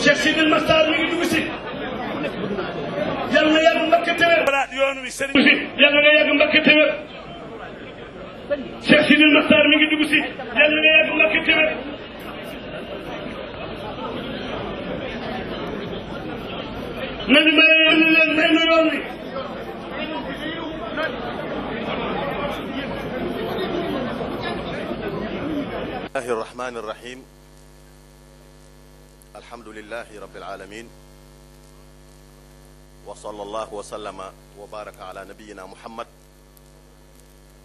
Cheikh Sidil Maxtaar mi ngi dugg si yal na yàgg mbakk téwér yoon wi sëriñ si yal na nga yàgg mbakk téwér Cheikh Sidil Maxtaar mi ngi dugg si yal na nga yàgg mbakk téwér nañu may leen leen may na yoon wi الله الرحمن الرحيم alhamdulilahi rabbil alamin wa sallallahu wa sallama wa baraka ala nabiyina muhammad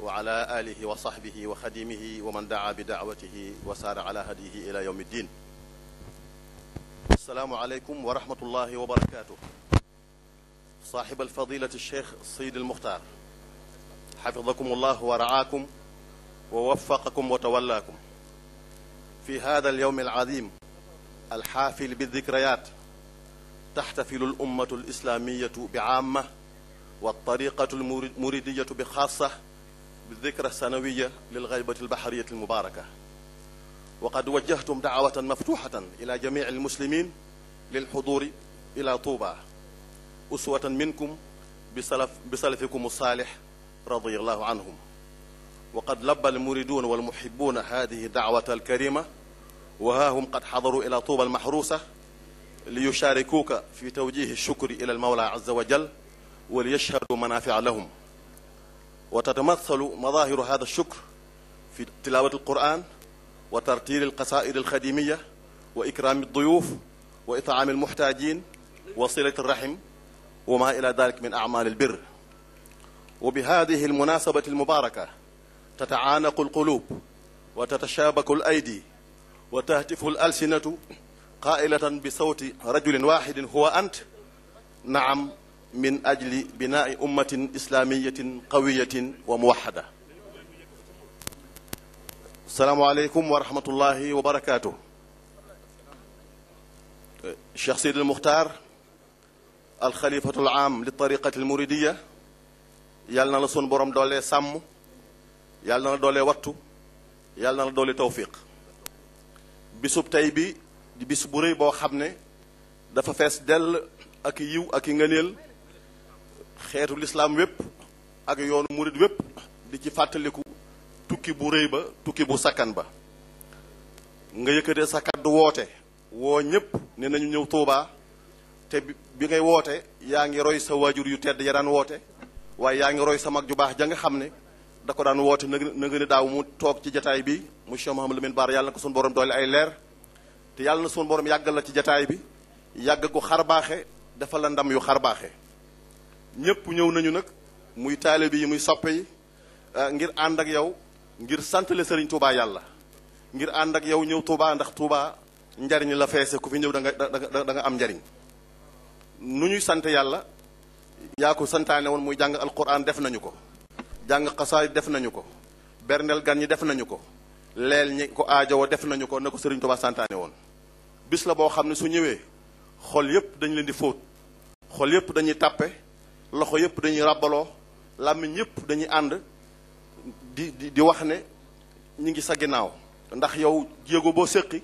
wa ala alihi wa sahbihi wa xadimihi wa man daa bi daawatihi wa saara ala hadihi ila yawmi ddin asalaamu aleykum wa rahmatullahi wa barakatuh saaxib alfadilati cheikh sayid almuxtaar xafidakum allah wa raakum wa wafaqakum wa tawallaakum fi hada alyawm alazim alxaafil bi dikrayat taxtafilu l ummatu l islaamiyatu bi aama wa tariqatu l muridiyatu bi xaasa bi dikra sanawiya lil gaybati albahariyati almubaraka waqad wajjahtum daawatan maftuxatan ila jamici almuslimin lilxuduri ila tuuba uswatan minkum bisalaf bisalafikum saalix radiallahu anhum waqad labba almuriduna walmuhibuuna hadihi daawata alkarima وها هم قد حضروا إلى طوبى المحروسة ليشاركوك في توجيه الشكر إلى المولى عز وجل وليشهدوا منافع لهم وتتمثل مظاهر هذا الشكر في تلاوة القرآن وترتيل القصائد الخديمية وإكرام الضيوف وإطعام المحتاجين وصلة الرحم وما إلى ذلك من أعمال البر وبهذه المناسبة المباركة تتعانق القلوب وتتشابك الأيدي wa tahtifu al alsinatu qaailatan bi sawti rajulin waxidin huwa ant naam min ajli binaai ummatin islamiyatin qawiyatin wa muwaxada salaamaaleykum wa rahmatullahi wa barakaatu Cheikh Sidi al Muxtaar al xalifatul aam li tariqati al muridiya yàlla na la sun borom doolee sàmm yàlla na la doolee wattu yàlla na la doolee tawfiq bisub tey bi di bis bu rëy boo xam ne dafa fees dell ak yiw ak yi nga ngëneel xeetu lislaam wépp ak yoonu murit wépp di ci fàttaliku tukki bu rëy ba tukki bu sakkan ba nga yëkkatee sa kàddu woote woo ñépp ne nañu ñëw Tuubaa te bi ngay woote yaa ngi roy sa waajur yu tedd ya daan woote waaye yaa ngi roy sa mag ju baax ja nga xam ne da ko daan woote na nga daaw mu toog ci jataay bi monsieur Mouhamadou Lamine Bara yàlla na ko sunu borom doole ay leer te yàlla na sunu borom yàggal la ci jataay bi yàgg ko xar baaxe dafa la ndam yu xar baaxe ñëpp ñëw nañu nag muy taalibe yi muy soppe yi ah, ngir ànd ak yow ngir santale Serigne Touba yàlla ngir ànd ak yow ñëw Touba ndax Touba njariñ la feese ko fi ñëw da nga da am njariñ nu ñuy sant yàlla yaa ko santaane woon muy jàng alquran def nañu ko jàng xasaay def nañu ko berndeel gan ñi def nañu ko leel ñi ko aajowoo def nañu ko na ko Serigne Touba santaane woon bis la boo xam ne su ñëwee xol yépp dañu leen di fóot xol yépp dañuy tàppe loxo yépp dañuy ràbbaloo làmmiñ yépp dañuy ànd di di di wax ne ñu ngi sa ginnaaw ndax yow jéego boo séqi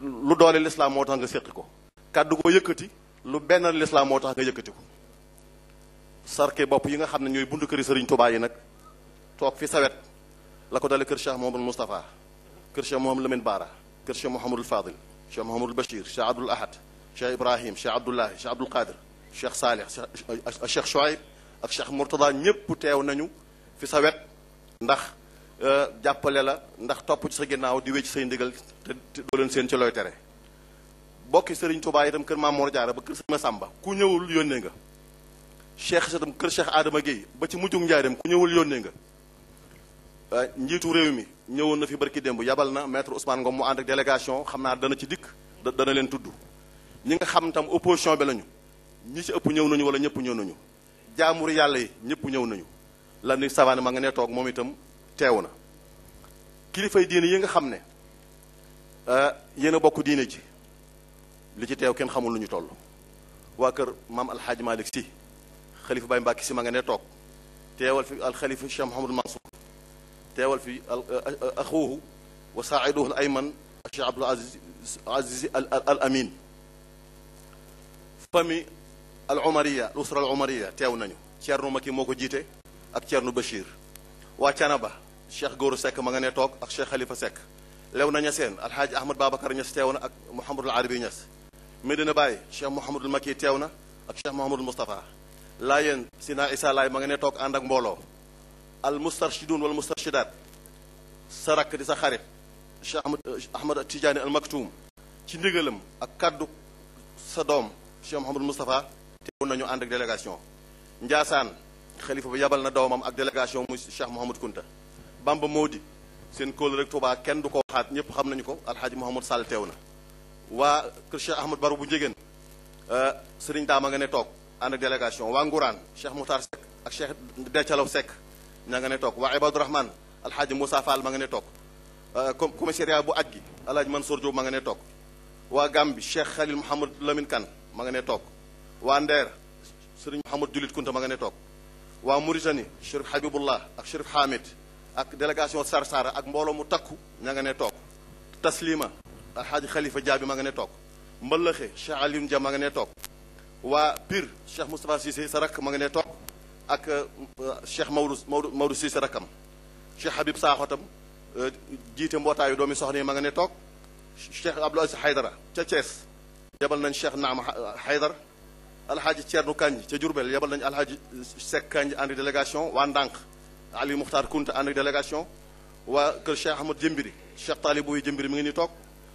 lu doole lislaam moo tax nga séqi ko kàddu ko yëkkati lu benn lislaam moo tax nga yëkkati ko sarke bopp yi nga xam ne ñooy buntu këri sëriñ Tuubaa yi nag toog fi sawet la ko dale kër Cheikh Mouhamadou Moustapha kër Cheikh Mouhamadou Lamine Baara kër Cheikh Mouhamadul Fadil Cheikh Mouhamadul Bachir Cheikh Abdoul Ahad Cheikh Ibrahim Cheikh Abdoulahi Cheikh Abdoul Qadir Cheikh Salih Cheikh Chouaib ak Cheikh Mourtada ñépp teew nañu fi sa wet ndax euh, jàppale la ndax topp ci sa ginnaaw di wéy ci say ndigal te doo leen seen ci looy tere bokki sëriñ Tuubaa itam kër Maam Mor Jaara ba kër Sëriñ Masamba ku ñëwul yónnee nga cheikh tam kër cheikh aadama Guèye ba ci mujjug njaareem ku ñëwul yónnee nga njiitu réew mi ñëwoon na fi barki démb yabal na maître Ousmane Ngom mu ànd ak délégation xam naa dana ci dikk dana leen tudd ñi nga xam tam opposition bi lañu ñi ci ëpp ñëw nañu wala ñëpp ñëw nañu jaamur yàlla yi ñëpp ñëw nañu lan ni savane ma nga ne toog moom itam teew na kilifay diine yi nga xam ne euh, yéen a bokk diine ji li ci teew kenn xamul lu ñu toll waa kër maam alxaaji Malick si xalifa Baye Mbacke si ma nga ne toog teewal fi alxalifa Cheikh Mouhamadou Mansour teewal fi axuuhu wa saaiduhu al ayman Cheikh Abdoul Aziz al Amin fami al umariya al usra al umariya teew nañu Thierno Maki moo ko jiite ak Thierno Bachir waa Canaba Cheikh Goro sekk ma nga ne toog ak Cheikh Khalifa Seck lew na ñaseen alxaaji ahmad babacar ñas teew na ak mouhamadul arabi ñas Medina Baye Cheikh Mouhamadul Maki teew na ak Cheikh Mouhamadul Moustapha laayeen sina isa laay ma nga toog ànd ak mbooloo al mustarshidun wal sa rakk di sa xarit Cheikh Ahmad Ahmad Tidiane al ci ndigalam ak kàddu sa doom Cheikh Mouhamadou Moustapha teewoon nañu ànd ak délégation Njaasaan xalifa ba yabal na doomam ak délégation muy Cheikh Mouhamad Kunta Bamba Modi seen kóol rek Touba kenn du ko waxaat ñëpp xam nañu ko alxaaji Mouhamad Sall teew na waa kër Cheikh Ahmad Baro bu njegéen euh, sëriñ daama nga toog ànd ak délégation waa Ngourane Cheikh Mouhtar Seck ak Cheikh Décalaw Seck ña nga ne toog waa Ibadou Rahman alxaaji Moussa Fall ma nga ne toog euh, commissariat bu aj gi alaaji Mansour Diop ma nga ne toog waa Gambi Cheikh Khalil Mouhamad Lamine Kane ma nga ne toog waa Ndeer Serigne Mouhamad Julit Kunta ma nga ne toog waa Mauritanie Chérif Habibullah ak Chérif Hamid ak délégation Sar Sara ak mbooloo mu takku ña nga ne toog Taslima alxaaji Khalifa Diaby ma nga ne toog Mbalaxe Cheikh Alioune Dia ma nga ne toog waa Pire Cheikh Moustapha Cissé sa rakk ma nga ne toog ak euh, Cheikh Maodo Maodo Maodo Cissé rakkam Cheikh Habib Sakho tam euh, jiite mbootaayu doomi soxna yi ma nga ne toog Cheikh Abdou Aziz Haydara ca Thiès yebal nañ Cheikh Naam Haydar alhaaji Thierno Kandji ca jurbel yebal nañ alhaaji Seck Kandji ànd délégation waa Ndànk Ali Muxtaar Kunta ànd délégation waa kër Cheikh Ahmad Jëmbiri Cheikh Talibou yi Jëmbiri mi ngi ni toog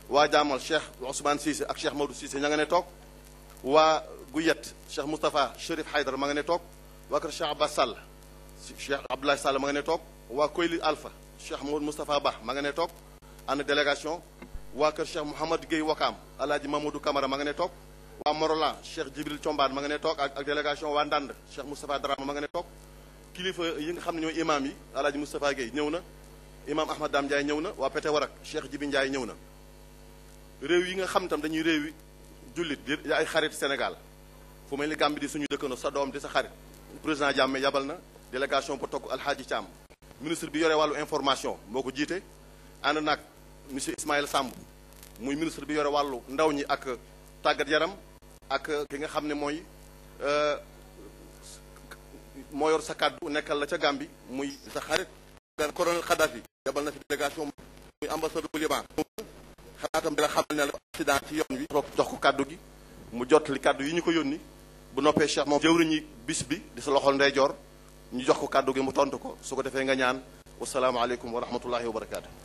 waa jaamal Cheikh Ousmane Cissé ak Cheikh Maodo Cissé ña nga ne toog Guyet Cheikh Moustapha Chérif Haydara ma nga ne toog waa kër Cheikh Abbas Sall Cheikh Abdoulaye ma nga ne toog waa Koyli Alpha Cheikh Mouhamadou Moustapha Ba ma nga ne toog ànd délégation waa kër Cheikh Mouhamad Gueye Wakaam Alaaji Mamadou Camara ma nga ne toog waa Morolan Cheikh Jibril Combaan ma nga ne toog ak délégation waa Ndand Cheikh Moustapha Darama ma nga ne toog kilifa yi nga xam ne ñooy imaam yi Alaaji Moustapha Gueye ñëw na imaam Ahmad Dam Ndiaye ñëw na waa Pete Warak Cheikh Jibi Ndiaye ñëw na réew yi nga xam tam dañuy réew ay xarit Sénégal fu mel ni Gambie di suñu dëkkandoo sa doom di sa xarit président Jammeh yabal na délégation ba toog Alhaji Thiam ministre bi yore wàllu information moo ko jiite ànd nag monsieur Ismaïla Samb muy ministre bi yore wàllu ndaw ñi ak tàggat yaram ak ki nga xam ne mooy euh, moo yor sa kàddu nekkal la ca Gambie muy sa xarit colonel Kadhafi yabal na fi délégation muy ambassadeur bu Liban xalaatam dina xamal ne la accident ci yoon wi jox ko kàddu gi mu jot li kàddu yi ñu ko yónni bu noppee Cheikh moom jëwriñi bis bi di sa loxol ndeyjoor ñu jox ko kàddu gi mu tontu ko su ko defee nga ñaan wasalaamaaleykum wa rahmatullahi wa barakaatu.